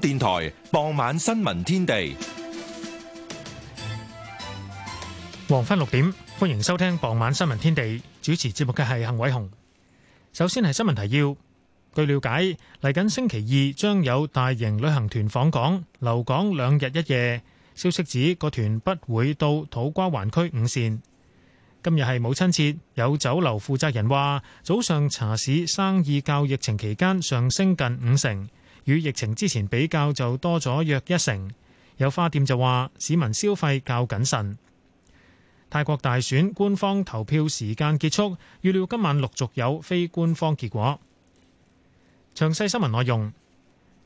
電台傍晚新聞天地，黃昏六點，歡迎收聽傍晚新聞天地。主持節目嘅係幸偉雄。首先係新聞提要。據了解，嚟緊星期二將有大型旅行團訪港，留港兩日一夜。消息指個團不會到土瓜灣區五線。今日係母親節，有酒樓負責人話，早上茶市生意較疫情期間上升近五成。與疫情之前比較就多咗約一成，有花店就話市民消費較謹慎。泰國大選官方投票時間結束，預料今晚陸續有非官方結果。詳細新聞內容，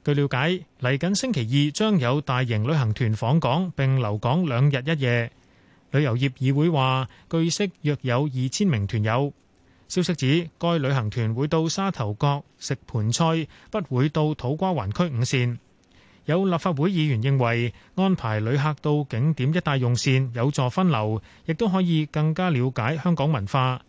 據了解，嚟緊星期二將有大型旅行團訪港並留港兩日一夜，旅遊業議會話據悉約有二千名團友。消息指，該旅行團會到沙頭角食盆菜，不會到土瓜灣區五線。有立法會議員認為安排旅客到景點一帶用膳有助分流，亦都可以更加了解香港文化。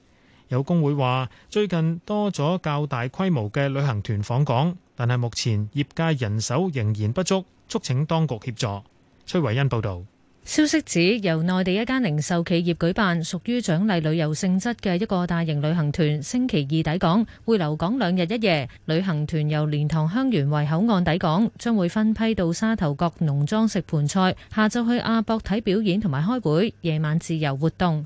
有工會話最近多咗較大規模嘅旅行團訪港，但係目前業界人手仍然不足，促請當局協助。崔維恩報道。消息指，由內地一家零售企業舉辦，屬於獎勵旅遊性質嘅一個大型旅行團，星期二抵港，會留港兩日一夜。旅行團由蓮塘香園圍口岸抵港，將會分批到沙頭角農莊食盆菜，下晝去亞博睇表演同埋開會，夜晚自由活動。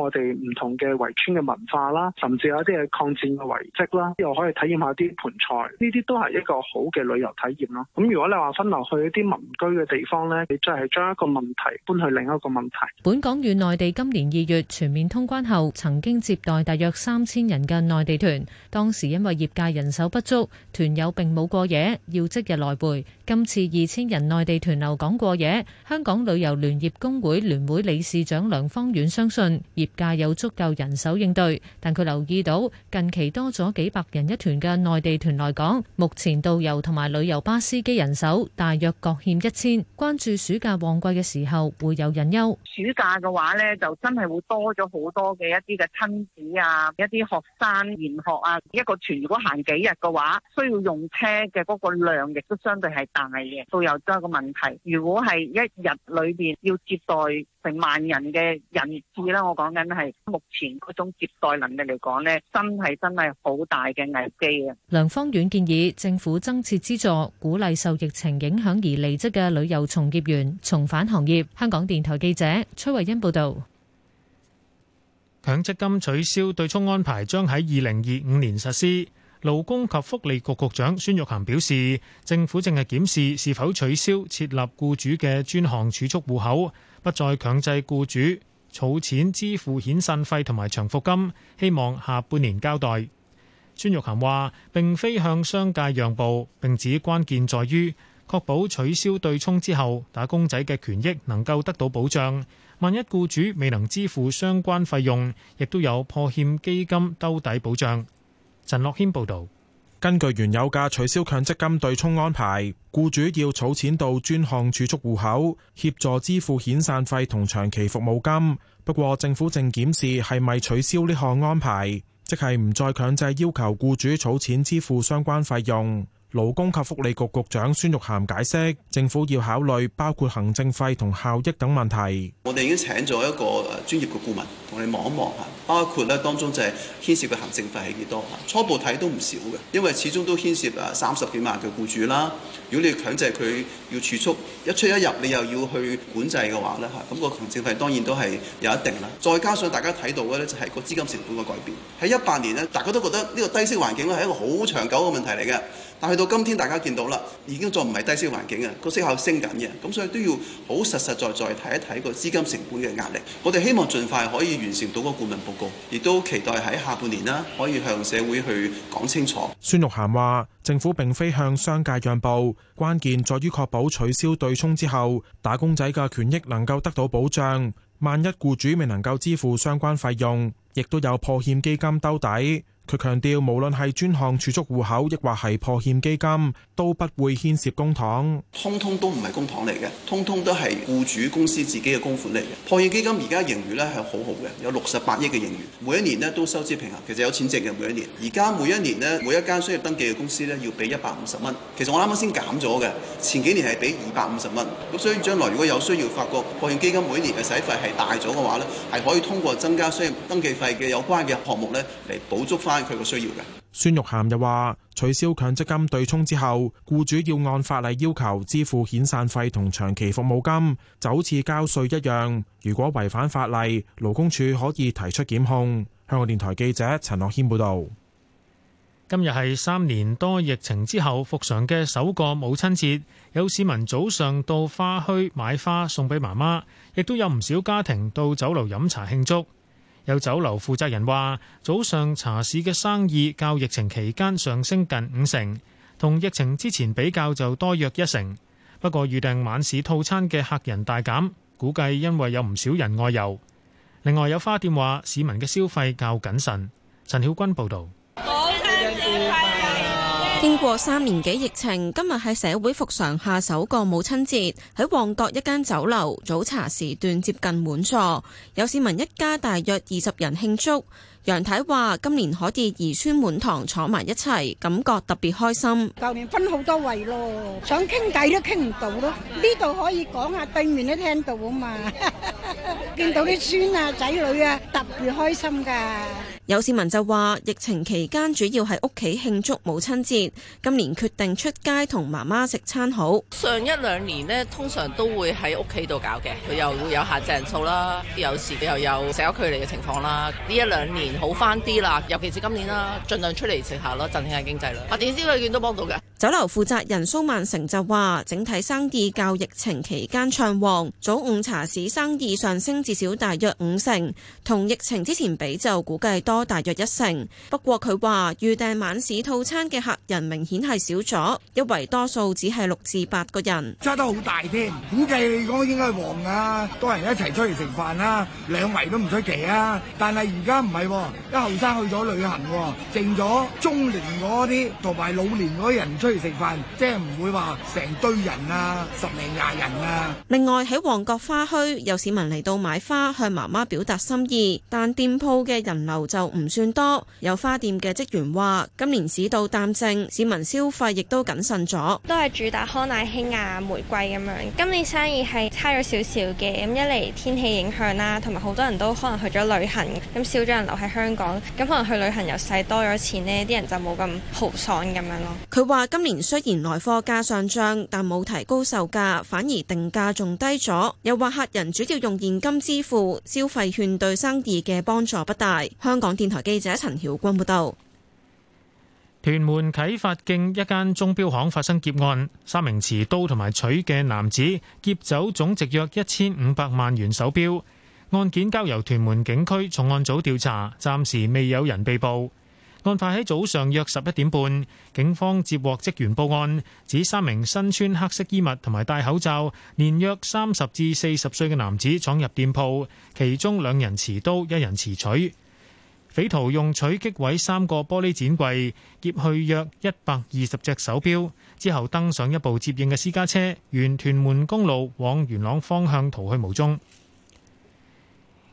我哋唔同嘅圍村嘅文化啦，甚至有一啲嘅抗戰嘅遺跡啦，又可以體驗下啲盆菜，呢啲都係一個好嘅旅遊體驗咯。咁如果你話分流去一啲民居嘅地方呢，你真係將一個問題搬去另一個問題。本港與內地今年二月全面通關後，曾經接待大約三千人嘅內地團，當時因為業界人手不足，團友並冇過夜，要即日來回。今次二千人內地團留港過夜，香港旅遊聯業工會聯會理事長梁方遠相信業。假有足夠人手應對，但佢留意到近期多咗幾百人一團嘅內地團來港。目前導遊同埋旅遊巴司機人手大約各欠一千，關注暑假旺季嘅時候會有人憂。暑假嘅話呢，就真係會多咗好多嘅一啲嘅親子啊，一啲學生研學啊，一個團如果行幾日嘅話，需要用車嘅嗰個量亦都相對係大嘅，都有多一個問題。如果係一日裏邊要接待成萬人嘅人次啦，我講緊。真係目前嗰種接待能力嚟講咧，真係真係好大嘅危機啊！梁芳遠建議政府增設資助，鼓勵受疫情影響而離職嘅旅遊從業員重返行業。香港電台記者崔慧欣報道：強積金取消對沖安排將喺二零二五年實施。勞工及福利局局長孫玉菡表示，政府正係檢視是否取消設立雇主嘅專項儲蓄戶口，不再強制雇主。儲錢支付遣散費同埋長服金，希望下半年交代。孫玉菡話：並非向商界讓步，並指關鍵在於確保取消對沖之後，打工仔嘅權益能夠得到保障。萬一雇主未能支付相關費用，亦都有破欠基金兜底保障。陳樂軒報導。根據原有嘅取消強積金對沖安排，僱主要儲錢到專項儲蓄戶口，協助支付遣散費同長期服務金。不過政府正檢視係咪取消呢項安排，即係唔再強制要求僱主儲錢支付相關費用。勞工及福利局局長孫玉菡解釋，政府要考慮包括行政費同效益等問題。我哋已經請咗一個專業嘅顧問同你望一望吓，包括咧當中就係牽涉嘅行政費係幾多。初步睇都唔少嘅，因為始終都牽涉誒三十幾萬嘅僱主啦。如果你強制佢要儲蓄一出一入，你又要去管制嘅話咧吓，咁個行政費當然都係有一定啦。再加上大家睇到嘅咧，就係個資金成本嘅改變，喺一八年呢，大家都覺得呢個低息環境係一個好長久嘅問題嚟嘅。但去到今天，大家見到啦，已經再唔係低息環境啊，個息口升緊嘅，咁所以都要好實實在在睇一睇個資金成本嘅壓力。我哋希望盡快可以完成到個顧問報告，亦都期待喺下半年啦，可以向社會去講清楚。孫玉菡話：政府並非向商界讓步，關鍵在於確保取消對沖之後，打工仔嘅權益能夠得到保障。萬一僱主未能夠支付相關費用，亦都有破欠基金兜底。佢強調，無論係專項儲蓄戶口，亦或係破欠基金，都不會牽涉公帑，通通都唔係公帑嚟嘅，通通都係僱主公司自己嘅公款嚟嘅。破欠基金而家盈餘咧係好好嘅，有六十八億嘅盈餘，每一年呢都收支平衡，其實有錢剩嘅每一年。而家每一年呢，每一間商業登記嘅公司呢要俾一百五十蚊，其實我啱啱先減咗嘅，前幾年係俾二百五十蚊。咁所以將來如果有需要發覺破欠基金每年嘅使費係大咗嘅話呢，係可以通過增加商業登記費嘅有關嘅項目呢嚟補足翻。佢嘅，孫玉涵又話取消強積金對沖之後，僱主要按法例要求支付遣散費同長期服務金，就好似交稅一樣。如果違反法例，勞工處可以提出檢控。香港電台記者陳樂謙報道。今日係三年多疫情之後復常嘅首個母親節，有市民早上到花墟買花送俾媽媽，亦都有唔少家庭到酒樓飲茶慶祝。有酒樓負責人話：早上茶市嘅生意較疫情期間上升近五成，同疫情之前比較就多約一成。不過預訂晚市套餐嘅客人大減，估計因為有唔少人外遊。另外有花店話：市民嘅消費較謹慎。陳曉君報導。經過三年幾疫情，今日係社會復常下首個母親節，喺旺角一間酒樓早茶時段接近滿座，有市民一家大約二十人慶祝。楊太話：今年可以兒孫滿堂坐埋一齊，感覺特別開心。舊年分好多位咯，想傾偈都傾唔到咯，呢度可以講下，對面都聽到啊嘛。 見到啲孫啊、仔女啊，特別開心噶。有市民就話，疫情期間主要喺屋企慶祝母親節，今年決定出街同媽媽食餐好。上一兩年呢，通常都會喺屋企度搞嘅，佢又會有限制人數啦，有時又有社交距離嘅情況啦。呢一兩年好翻啲啦，尤其是今年啦，盡量出嚟食下咯，振興下經濟啦。啊，點知佢哋都幫到嘅。酒樓負責人蘇萬成就話，整體生意較疫情期間暢旺，早午茶市生意上升至少大約五成，同疫情之前比就估計多大約一成。不過佢話預訂晚市套餐嘅客人明顯係少咗，一圍多數只係六至八個人，差得好大添。估計嚟講應該旺㗎、啊，多人一齊出嚟食飯啦、啊，兩圍都唔出奇啊。但係而家唔係，一後生去咗旅行、啊，剩咗中年嗰啲同埋老年嗰啲人出食飯即係唔會話成堆人啊，十零廿人啊。另外喺旺角花墟，有市民嚟到買花向媽媽表達心意，但店鋪嘅人流就唔算多。有花店嘅職員話：今年市道淡靜，市民消費亦都謹慎咗。都係主打康乃馨啊、玫瑰咁樣，今年生意係差咗少少嘅。咁一嚟天氣影響啦，同埋好多人都可能去咗旅行，咁少咗人留喺香港，咁可能去旅行又使多咗錢呢，啲人就冇咁豪爽咁樣咯。佢話今。今年雖然來貨價上漲，但冇提高售價，反而定價仲低咗。又話客人主要用現金支付，消費券對生意嘅幫助不大。香港電台記者陳曉君報道。屯門啟發徑一間鐘錶行發生劫案，三名持刀同埋取嘅男子劫走總值約一千五百萬元手錶，案件交由屯門警區重案組調查，暫時未有人被捕。案發喺早上約十一點半，警方接獲職員報案，指三名身穿黑色衣物同埋戴口罩、年約三十至四十歲嘅男子闖入店鋪，其中兩人持刀，一人持取持錘。匪徒用錘擊毀三個玻璃展櫃，劫去約一百二十隻手錶，之後登上一部接應嘅私家車，沿屯門公路往元朗方向逃去無蹤。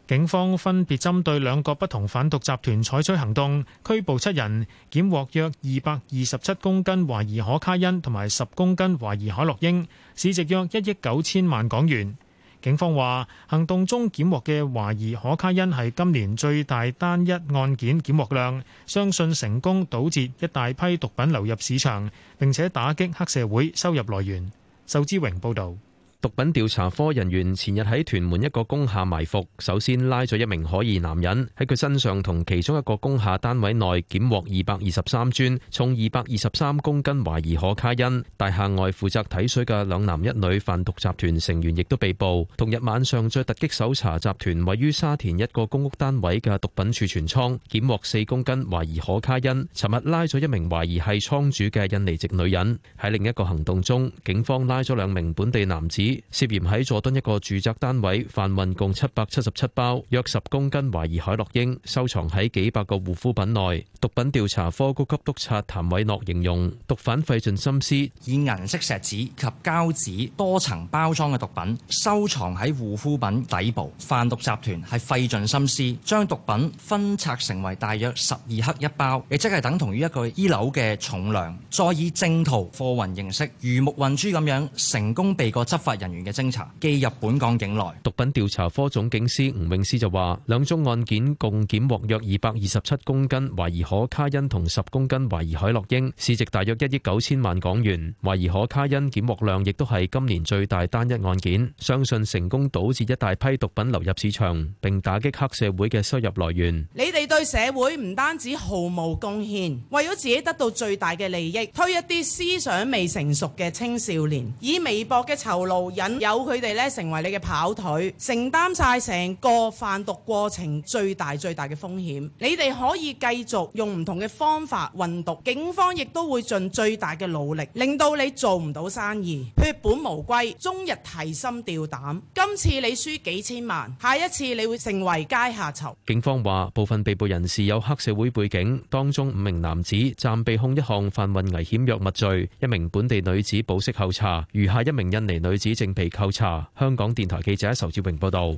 警方分別針對兩個不同販毒集團採取行動，拘捕七人，檢獲約二百二十七公斤懷疑可卡因同埋十公斤懷疑海洛英，市值約一億九千萬港元。警方話，行動中檢獲嘅懷疑可卡因係今年最大單一案件檢獲量，相信成功堵截一大批毒品流入市場，並且打擊黑社會收入來源。仇志榮報導。毒品調查科人員前日喺屯門一個工廈埋伏，首先拉咗一名可疑男人，喺佢身上同其中一個工廈單位內檢獲二百二十三磚，重二百二十三公斤懷疑可卡因。大廈外負責睇水嘅兩男一女販毒集團成員亦都被捕。同日晚上再突擊搜查集團位於沙田一個公屋單位嘅毒品儲存倉，檢獲四公斤懷疑可卡因。尋日拉咗一名懷疑係倉主嘅印尼籍女人。喺另一個行動中，警方拉咗兩名本地男子，涉嫌喺佐敦一個住宅單位販運共七百七十七包約十公斤懷疑海洛英，收藏喺幾百個護膚品內。毒品調查科高級督察譚偉諾形容，毒販費盡心思，以銀色錫紙及膠紙多層包裝嘅毒品收藏喺護膚品底部。販毒集團係費盡心思，將毒品分拆成為大約十二克一包，亦即係等同於一個衣紐嘅重量，再以正途貨運形式魚目混珠咁樣成功避過執法。人員嘅偵查寄入本港境內，毒品調查科總警司吳永斯就話：兩宗案件共檢獲約二百二十七公斤懷疑可卡因同十公斤懷疑海洛因，市值大約一億九千萬港元。懷疑可卡因檢獲量亦都係今年最大單一案件，相信成功堵截一大批毒品流入市場，並打擊黑社會嘅收入來源。你哋對社會唔單止毫無貢獻，為咗自己得到最大嘅利益，推一啲思想未成熟嘅青少年，以微薄嘅酬勞。引誘佢哋咧成為你嘅跑腿，承擔曬成個販毒過程最大最大嘅風險。你哋可以繼續用唔同嘅方法運毒，警方亦都會盡最大嘅努力，令到你做唔到生意，血本無歸，終日提心吊膽。今次你輸幾千萬，下一次你會成為階下囚。警方話，部分被捕人士有黑社會背景，當中五名男子暫被控一項販運危險藥物罪，一名本地女子保釋候查，餘下一名印尼女子。正被扣查。香港電台記者仇志榮報道。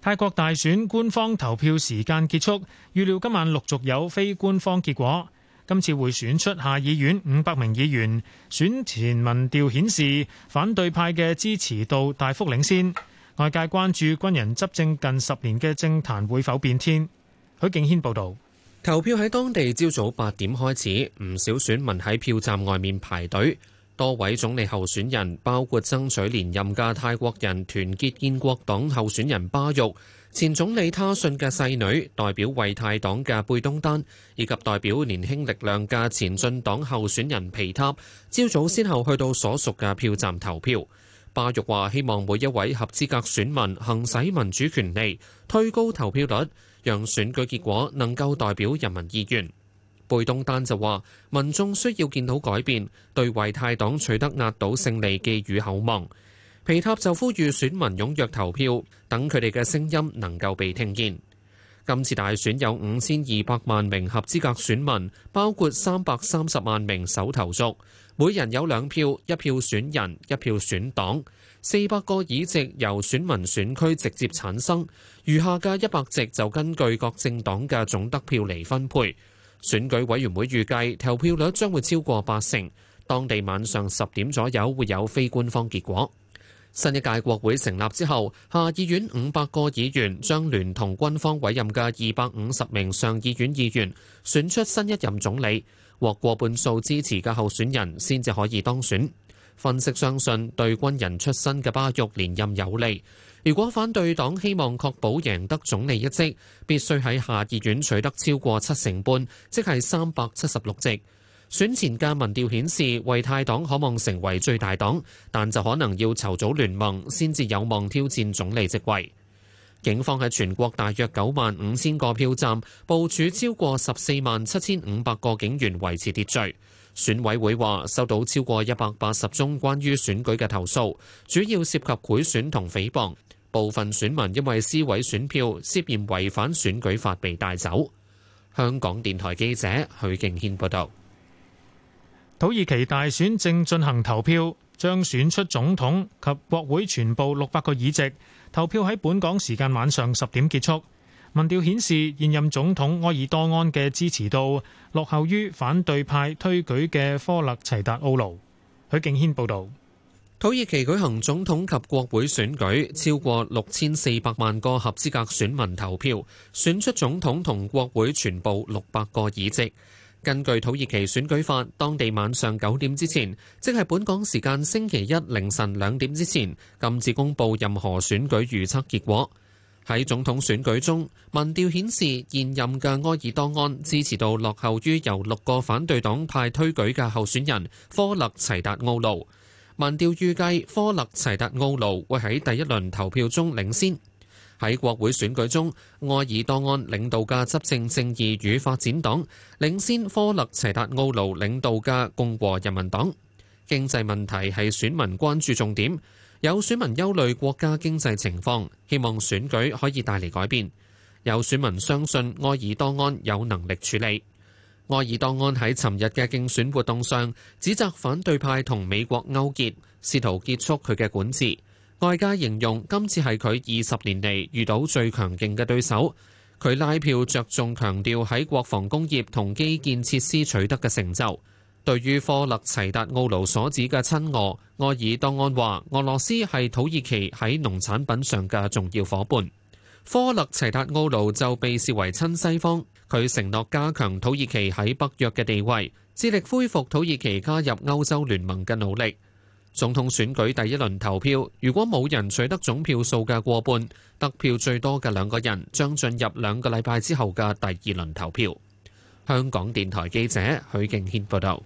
泰國大選官方投票時間結束，預料今晚陸續有非官方結果。今次會選出下議院五百名議員。選前民調顯示反對派嘅支持度大幅領先。外界關注軍人執政近十年嘅政壇會否變天。許敬軒報道。投票喺當地朝早八點開始，唔少選民喺票站外面排隊。多位總理候選人，包括爭取連任嘅泰國人團結建國黨候選人巴育、前總理他信嘅細女、代表為泰黨嘅貝東丹，以及代表年輕力量嘅前進黨候選人皮塔，朝早先後去到所屬嘅票站投票。巴育話：希望每一位合資格選民行使民主權利，推高投票率，讓選舉結果能夠代表人民意願。貝東丹就話：民眾需要見到改變，對維泰黨取得壓倒勝利寄予厚望。皮塔就呼籲選民踴躍投票，等佢哋嘅聲音能夠被聽見。今次大選有五千二百萬名合資格選民，包括三百三十萬名首投族，每人有兩票，一票選人，一票選黨。四百個議席由選民選區直接產生，餘下嘅一百席就根據各政黨嘅總得票嚟分配。選舉委員會預計投票率將會超過八成，當地晚上十點左右會有非官方結果。新一屆國會成立之後，下議院五百個議員將聯同軍方委任嘅二百五十名上議院議員，選出新一任總理，獲過半數支持嘅候選人先至可以當選。分析相信對軍人出身嘅巴育連任有利。如果反對黨希望確保贏得總理一職，必須喺下議院取得超過七成半，即係三百七十六席。選前嘅民調顯示，為泰黨可望成為最大黨，但就可能要籌組聯盟，先至有望挑戰總理席位。警方喺全國大約九萬五千個票站部署超過十四萬七千五百個警員維持秩序。選委會話收到超過一百八十宗關於選舉嘅投訴，主要涉及賄選同誹謗。部分選民因為撕毀選票涉嫌違反選舉法被帶走。香港電台記者許敬軒報道。土耳其大選正進行投票，將選出總統及國會全部六百個議席。投票喺本港時間晚上十點結束。民調顯示現任總統埃爾多安嘅支持度落後於反對派推舉嘅科勒齊達奧盧。許敬軒報導，土耳其舉行總統及國會選舉，超過六千四百萬個合資格選民投票，選出總統同國會全部六百個議席。根據土耳其選舉法，當地晚上九點之前，即係本港時間星期一凌晨兩點之前，禁止公佈任何選舉預測結果。喺總統選舉中，民調顯示現任嘅埃爾多安支持度落後於由六個反對黨派推舉嘅候選人科勒齊達奧路。民調預計科勒齊達奧路會喺第一輪投票中領先。喺國會選舉中，埃爾多安領導嘅執政正義與發展黨領先科勒齊達奧路領導嘅共和人民黨。經濟問題係選民關注重點。有選民憂慮國家經濟情況，希望選舉可以帶嚟改變。有選民相信愛爾多安有能力處理。愛爾多安喺尋日嘅競選活動上，指責反對派同美國勾結，試圖結束佢嘅管治。外界形容今次係佢二十年嚟遇到最強勁嘅對手。佢拉票着重強調喺國防工業同基建設施取得嘅成就。對於科勒齊達奧盧所指嘅親俄，愛爾多安話：俄羅斯係土耳其喺農產品上嘅重要伙伴。科勒齊達奧盧就被視為親西方，佢承諾加強土耳其喺北約嘅地位，致力恢復土耳其加入歐洲聯盟嘅努力。總統選舉第一輪投票，如果冇人取得總票數嘅過半，得票最多嘅兩個人將進入兩個禮拜之後嘅第二輪投票。香港電台記者許敬軒報導。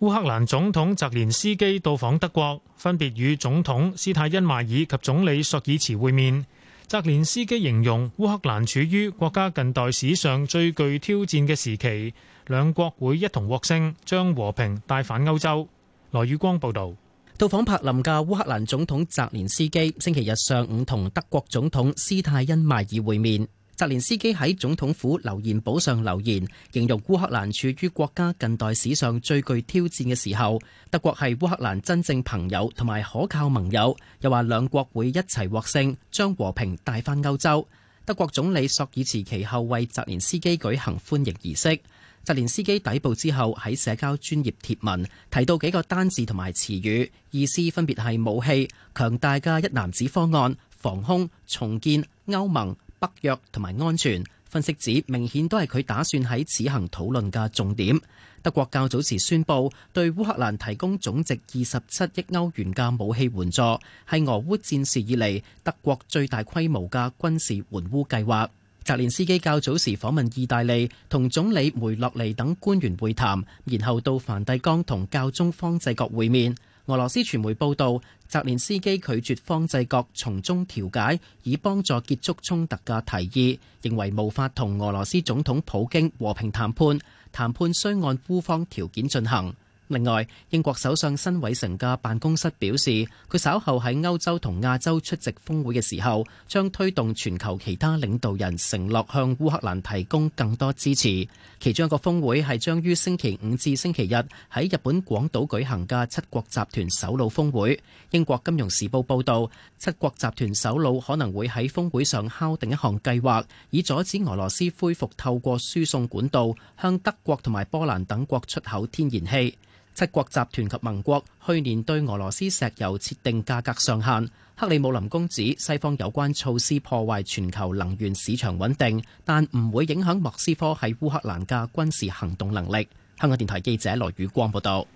烏克蘭總統澤連斯基到訪德國，分別與總統施泰因邁爾及總理朔爾茨會面。澤連斯基形容烏克蘭處於國家近代史上最具挑戰嘅時期，兩國會一同獲勝，將和平帶返歐洲。羅宇光報道。到訪柏林嘅烏克蘭總統澤連斯基星期日上午同德國總統施泰因邁爾會面。澤連斯基喺總統府留言簿上留言，形容烏克蘭處於國家近代史上最具挑戰嘅時候。德國係烏克蘭真正朋友同埋可靠盟友，又話兩國會一齊獲勝，將和平帶翻歐洲。德國總理索爾茨其，其後為澤連斯基舉行歡迎儀式。澤連斯基抵步之後喺社交專業貼文提到幾個單字同埋詞語，意思分別係武器、強大嘅一男子方案、防空、重建、歐盟。北約同埋安全，分析指明顯都係佢打算喺此行討論嘅重點。德國較早時宣布對烏克蘭提供總值二十七億歐元嘅武器援助，係俄烏戰事以嚟德國最大規模嘅軍事援烏計劃。澤連斯基較早時訪問意大利，同總理梅洛尼等官員會談，然後到梵蒂岡同教宗方濟各會面。俄羅斯傳媒報道，澤連斯基拒絕方濟各從中調解以幫助結束衝突嘅提議，認為無法同俄羅斯總統普京和平談判，談判需按烏方條件進行。另外，英國首相辛偉誠嘅辦公室表示，佢稍後喺歐洲同亞洲出席峯會嘅時候，將推動全球其他領導人承諾向烏克蘭提供更多支持。其中一個峯會係將於星期五至星期日喺日本廣島舉行嘅七國集團首腦峯會。英國金融時報報導，七國集團首腦可能會喺峯會上敲定一項計劃，以阻止俄羅斯恢復透過輸送管道向德國同埋波蘭等國出口天然氣。七國集團及盟國去年對俄羅斯石油設定價格上限。克里姆林宮指西方有關措施破壞全球能源市場穩定，但唔會影響莫斯科喺烏克蘭嘅軍事行動能力。香港電台記者羅宇光報道，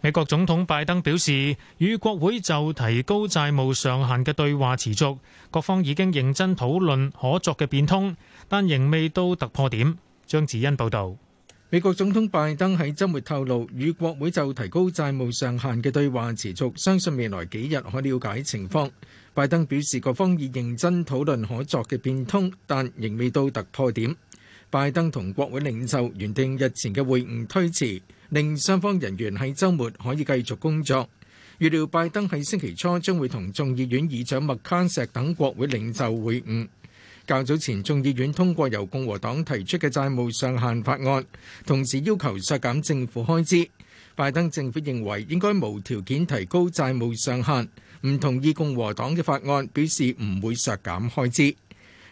美國總統拜登表示，與國會就提高債務上限嘅對話持續，各方已經認真討論可作嘅變通，但仍未到突破點。張子欣報道。美國總統拜登喺週末透露，與國會就提高債務上限嘅對話持續，相信未來幾日可了解情況。拜登表示，各方已認真討論可作嘅變通，但仍未到突破點。拜登同國會領袖原定日前嘅會晤推遲，令雙方人員喺週末可以繼續工作。預料拜登喺星期初將會同眾議院議長麥卡錫等國會領袖會晤。較早前，眾議院通過由共和黨提出嘅債務上限法案，同時要求削減政府開支。拜登政府認為應該無條件提高債務上限，唔同意共和黨嘅法案，表示唔會削減開支。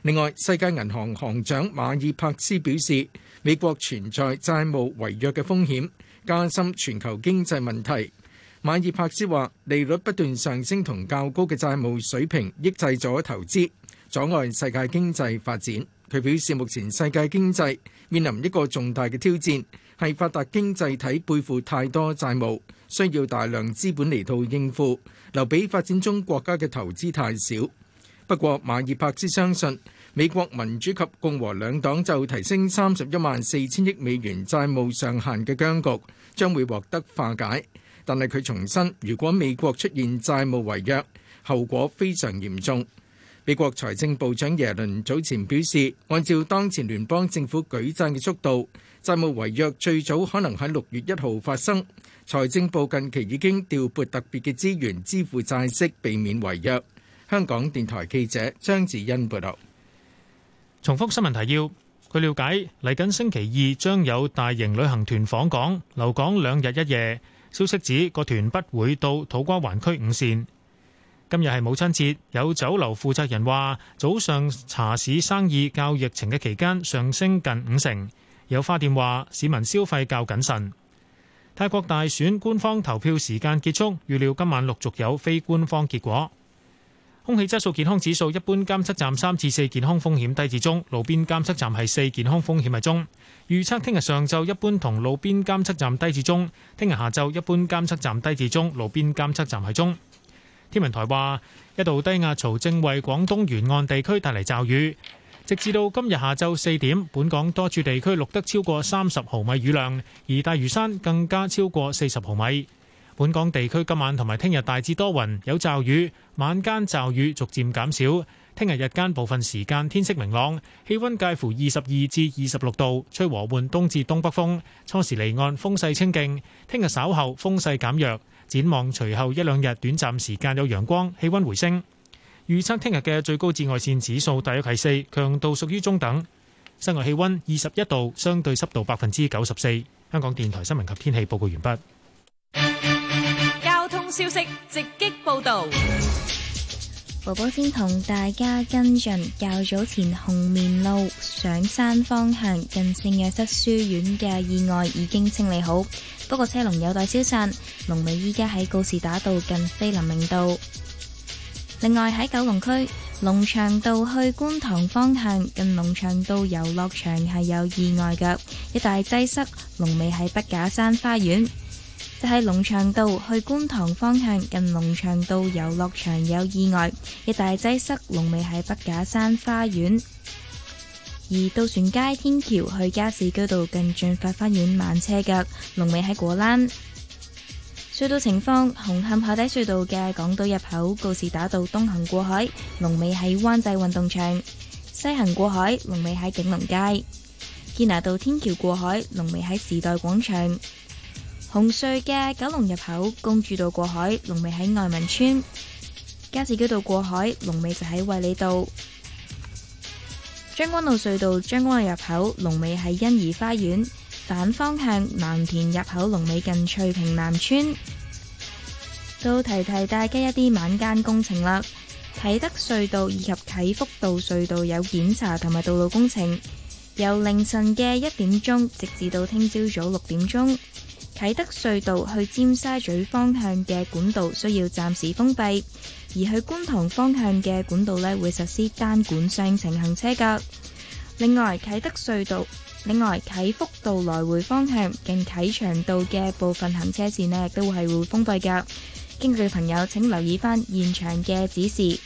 另外，世界銀行行長馬爾帕斯表示，美國存在債務違約嘅風險，加深全球經濟問題。馬爾帕斯話，利率不斷上升同較高嘅債務水平抑制咗投資。阻礙世界經濟發展。佢表示，目前世界經濟面臨一個重大嘅挑戰，係發達經濟體背負太多債務，需要大量資本嚟到應付，留俾發展中國家嘅投資太少。不過，馬爾帕斯相信美國民主及共和兩黨就提升三十一萬四千億美元債務上限嘅僵局，將會獲得化解。但係佢重申，如果美國出現債務違約，後果非常嚴重。美國財政部長耶倫早前表示，按照當前聯邦政府舉債嘅速度，債務違約最早可能喺六月一號發生。財政部近期已經調撥特別嘅資源支付債息，避免違約。香港電台記者張志恩報道。重複新聞提要。據瞭解，嚟緊星期二將有大型旅行團訪港，留港兩日一夜。消息指個團不會到土瓜灣區五線。今日係母親節，有酒樓負責人話早上茶市生意較疫情嘅期間上升近五成。有花店話市民消費較謹慎。泰國大選官方投票時間結束，預料今晚陸續有非官方結果。空氣質素健康指數一般監測站三至四，健康風險低至中，路邊監測站係四，健康風險係中。預測聽日上晝一般同路邊監測站低至中，聽日下晝一般監測站低至中，路邊監測站係中。天文台話，一道低壓槽正為廣東沿岸地區帶嚟驟雨，直至到今日下晝四點，本港多處地區錄得超過三十毫米雨量，而大嶼山更加超過四十毫米。本港地區今晚同埋聽日大致多雲有驟雨，晚間驟雨逐漸減少。聽日日間部分時間天色明朗，氣温介乎二十二至二十六度，吹和緩東至東北風，初時離岸風勢清勁，聽日稍後風勢減弱。展望隨後一兩日短暫時間有陽光，氣温回升。預測聽日嘅最高紫外線指數大約係四，強度屬於中等。室外氣温二十一度，相對濕度百分之九十四。香港電台新聞及天氣報告完畢。交通消息直擊報道。寶寶先同大家跟進較早前紅棉路上山方向近聖若瑟書院嘅意外已經清理好，不過車龍有待消散。龍尾依家喺告士打道近菲林明道。另外喺九龍區龍翔道去觀塘方向近龍翔道遊樂場係有意外嘅，一帶擠塞，龍尾喺畢架山花園。就喺龍翔道去觀塘方向近場，近龍翔道遊樂場有意外，一大擠塞，龍尾喺北假山花園；而渡船街天橋去加士居道近駿發花園慢車格，龍尾喺果欄。隧道情況：紅磡海底隧道嘅港島入口告士打道東行過海，龍尾喺灣仔運動場；西行過海，龍尾喺景隆街；堅拿道天橋過海，龍尾喺時代廣場。紅隧嘅九龍入口，公主道過海龍尾喺外文村；加士居道過海龍尾就喺衛理道。將軍澳隧道將軍澳入口龍尾喺欣怡花園，反方向藍田入口龍尾近翠屏南村。都提提大家一啲晚間工程啦，啟德隧道以及啟福道隧道有檢查同埋道路工程，由凌晨嘅一點鐘直至到聽朝早六點鐘。啟德隧道去尖沙咀方向嘅管道需要暫時封閉，而去觀塘方向嘅管道咧會實施單管雙程行車噶。另外啟德隧道、另外啟福道來回方向、近啟祥道嘅部分行車線咧都會係會封閉噶。經過嘅朋友請留意翻現場嘅指示，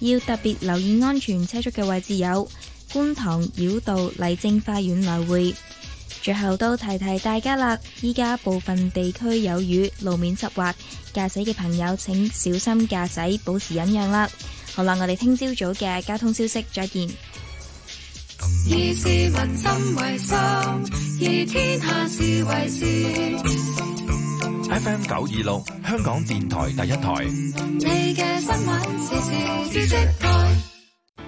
要特別留意安全車速嘅位置有觀塘繞道麗晶花園來回。最後都提提大家啦，依家部分地區有雨，路面濕滑，駕駛嘅朋友請小心駕駛，保持忍讓啦。好啦，我哋聽朝早嘅交通消息，再見。以市民心為心，以天下事為事。FM 九二六，香港電台第一台。你嘅新聞，時事知識。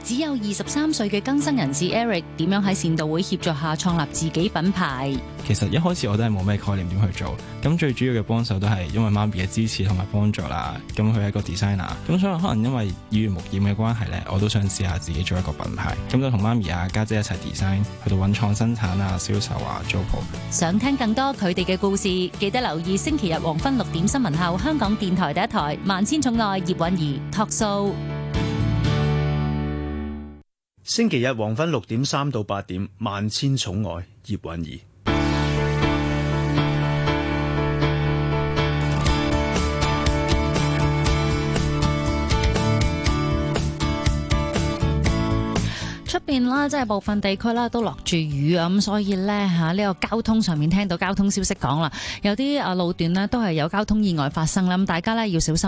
只有二十三歲嘅更生人士 Eric 點樣喺善導會協助下創立自己品牌？其實一開始我都係冇咩概念點去做，咁最主要嘅幫手都係因為媽咪嘅支持同埋幫助啦。咁佢係一個 designer，咁所以可能因為耳濡目染嘅關係呢，我都想試下自己做一個品牌。咁就同媽咪啊、家姐一齊 design，去到揾廠生產啊、銷售啊、租鋪。想聽更多佢哋嘅故事，記得留意星期日黃昏六點新聞後，香港電台第一台《萬千寵愛》葉韻儀 Talk Show。星期日黃昏六點三到八點，萬千寵愛葉蘊儀出邊啦，即係部分地區啦，都落住雨啊，咁所以咧吓呢個交通上面聽到交通消息講啦，有啲啊路段咧都係有交通意外發生啦，咁大家咧要小心。